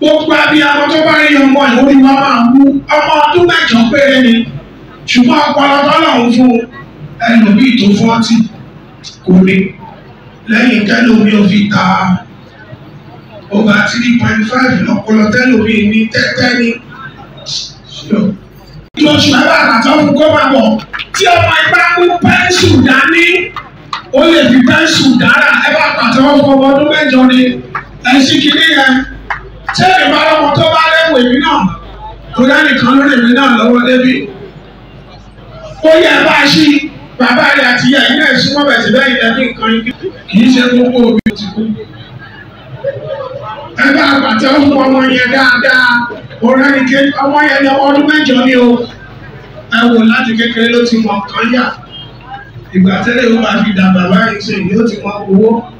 gbogbo abiyamọ tó bá rí ọmọ ìwúrí wọn máa ń mú ọmọ ọdún mẹ́jọ péré ni ṣùgbọ́n ọ̀pọ̀lọpọ̀ lọ́hùn fún ẹlòmíì tó fọ́ọ̀tì kò ní lẹ́yìn tẹ́lómi ò fi ta over three point five lọ́pọ̀lọ tẹ́lómi ní tẹ́tẹ́ ní. lóṣù mẹ́fà àtàtọ́ fún kó máa bọ̀ tí ọmọ ẹgbẹ́ kú pẹ́ńsù dání ó lè fi pẹ́ńsù dára ẹ bá pàtẹ́wọ́ fún ọmọ ọdún mẹ́jọ ni ẹ ṣí kiri yẹn ṣé ìbáramu tó bá lẹ́wọ̀ èmi náà kódà nìkan ló lè náà lọ́wọ́ débi. ó yẹ bá a ṣí bàbá rẹ̀ àti ìyá yìí náà súnmọ́ bẹ̀sì bẹ́ẹ̀ ìdẹ́bí nǹkan igi kì ṣe gbogbo òbí ti kú. ẹgbẹ́ àgbàtà ó ọmọ yẹn dáadáa òun ẹni ké ọmọ yẹn ní ọdún mẹ́jọ ni o ẹ wò láti kékeré ló ti mọ nǹkan yà ìgbà tẹ́lẹ̀ ó máa fi dàgbà báyìí ṣe yóò ti mọ owó.